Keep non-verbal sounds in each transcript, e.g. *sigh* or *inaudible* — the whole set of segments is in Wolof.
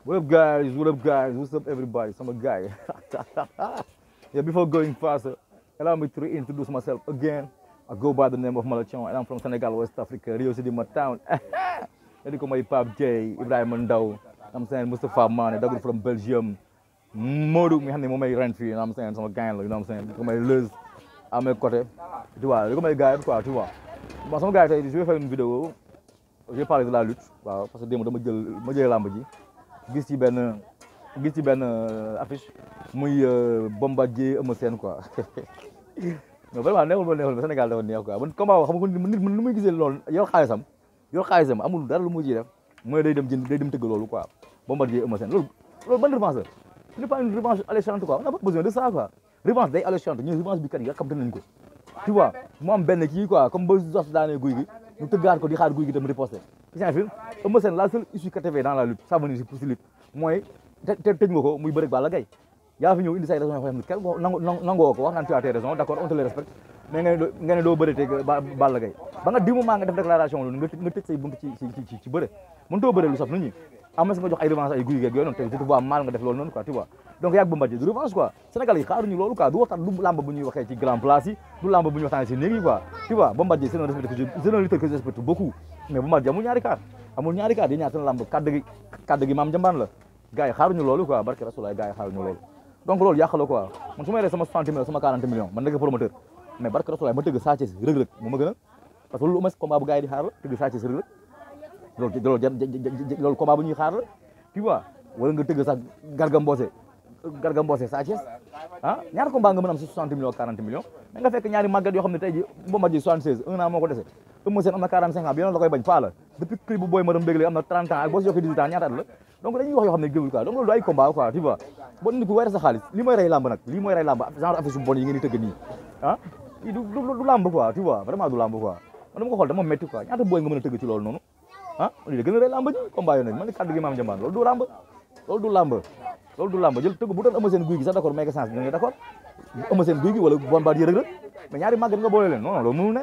What up, guys? What up, guys? What's up, everybody? So I'm a guy. *laughs* yeah, before going faster, allow me to reintroduce myself again. I go by the name of Malachon, and I'm from Senegal, West Africa, Rio City, my town. Let *laughs* me call my pap J, Ibrahim Mandau. I'm saying Mustafa Mane, that from Belgium. Modu, me hand him my rent you know what I'm saying? So I'm a guy, you know what I'm saying? Come me Liz, I'm a cote. Tu vois, comme les gars, tu vois, tu vois. Bon, son gars, je vais faire une vidéo. Je vais parler de la lutte, voilà, parce que demain, je vais faire la lutte. gis ci benn gis ci benn euh, affiche muy euh, bombardier Eumeu Sène quoi *laughs* non vraiment neexul ba neexul ba Sénégal dafa neex quoi man combat xam nga nit man nu muy gisee loolu yor xaalisam yor xaalisam amul dara lu mu ciy def mooy day dem jënd day dem tëgg loolu quoi bombardier Eumeu Sène loolu loolu ban revanche la ce n'est pas une revanche alléchante quoi on n'a pas besoin de ça quoi revanche day alléchante ñun revanche bi kat yi yàkkamte nañ ko tu vois mu am benn kii quoi comme ba sos daanee guy gi ñu tëggaat ko di xaar guy gi dem riposté Christian Fir Eumeu Sène la seule issue KTV dans la lutte ça venir si lutte mooy te tëj nga ko muy bërëg Balla Gaye yaa fi ñëw indi say raison yoo xam ne kenn ko wax naan tu as tes raisons d'accord on te les respecte mais nga ne doo bëreetee Balla Gaye ba nga di moment nga def déclaration nga tëj say buntu ci ci ci lu saf nit ñi am nga jox ay revanche ay guy geeg yooyu noonu te je te vois nga def loolu noonu quoi donc yaag Bombardier du revanche quoi Sénégal yi xaaruñu loolu quoi du waxtaan du lamb bu ñuy waxee ci grand place yi du lamb bu ñuy waxtaanee ci néeg yi quoi tu vois Bombardier c'est un lutteur que je respecte beaucoup mais Bombardier amul ñaari kaar amul ñaari kaar yi ñaar seen lamb kaddu gi kaddu gi maam jambaan la gars yi xaaruñu loolu quoi barke rasulaay gars yi xaaruñu loolu donc loolu yàq la quoi man su ma yoree sama 60 millions sama 40 millions man nekk promoteur mais barke rasulaay ma tëgg Sa Thiès rëg-rëg moo ma gën a parce que loolu umas combat bu gars yi di xaar la tëgg Sa Thiès rëg-rëg loolu loolu combat bu ñuy xaar la tu vois wala nga tëgg sax garga mboose gargam mbossé Sa ci ah ñaar ko nga mëna am 60 millions 40 millions mais nga fekk ñaari magal màggat yoo xam ne tey ji Bombardier 76 un an moko déssé dese Eumeu amna 45 ans bi yoon la koy bañ fa la depuis cri bu booy ma doon bégle am 30 ans ak boo si yokkee 18 ans ñaata la donc dañuy wax yo xam ne gëmul quoi donc lolu ay combat quoi tu vois bon indi ko weer sa xaalis lii mooy rey lamb nak lii mooy rey lamb genre affaire bu bon yi ngeen di tëgg ni ah du du lamb quoi tu vois vraiment du lamb quoi man dama ko xol dama metti quoi ñaata boy nga mëna a ci lolu nonu ah li gëna ray lamb ji combat yo nak man ni kàddu gi maam jambaan lolu du lamb lolu du lamb loolu du làmb jël tëgg bu doon Eumeu Sène guy gi sax d'accord may sens guy gi wala Bombardier Reug Reug mais ñaari màgget nga boole leen non loolu mënul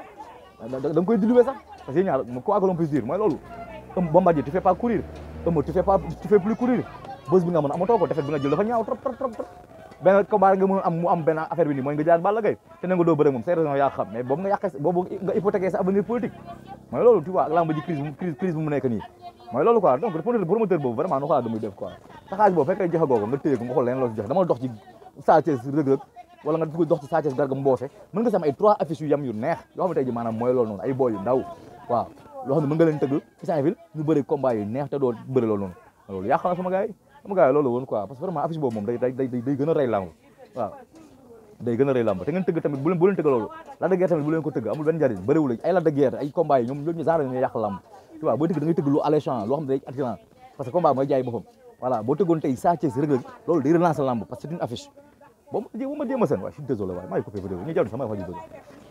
ne da koy diluer sax parce que ñaar quoi que l'on puisse mooy loolu Bombardier tu fais pas courir Eumeu tu fais pas tu fais bi nga mën amatoo ko defet bi nga jël dafa ñaaw trop trop trop benn combat nga mënoon am mu affaire bi nii mooy nga jaar Balla Gaye te ne nga doo bëre moom say raison yaa xam mooy loolu tu vois ak làmb ji crise crise bu mu nekk mooy loolu quoi donc da muy def quoi boobu fekkee joxe googu nga téye ko nga rëg-rëg wala nga dugg dox ci Sa Thiès Garga nga si ay trois affiches yu yam yu neex yoo xam ne tey ji maanaam mooy loolu noonu ay boy yu ndaw waaw loo nga leen tëgg ci Saint-Ville ñu yu neex te doo bëri loolu noonu loolu yàq sama gars sama gars loolu woon quoi parce que boobu moom day day day gën day gën a rëy làmb te ngeen tëgg tamit bu leen bu tëgg loolu Lac de tamit bu leen ko tëgg amul benn njariñ bëriwul ay Lac de ay combat yi ñoom ñoom ñu saara ñu yàq làmb tu vois booy tëgg tëgg lu alléchant loo xam ne day attirant parce que mooy jaay boppam voilà boo tëggoon tey Sa Thiès Reug Reug loolu day relancer làmb parce que c'est boo ma jéem a seen waaye je suis désolé waaye maa ngi coupé vidéo ñu jàll sama wax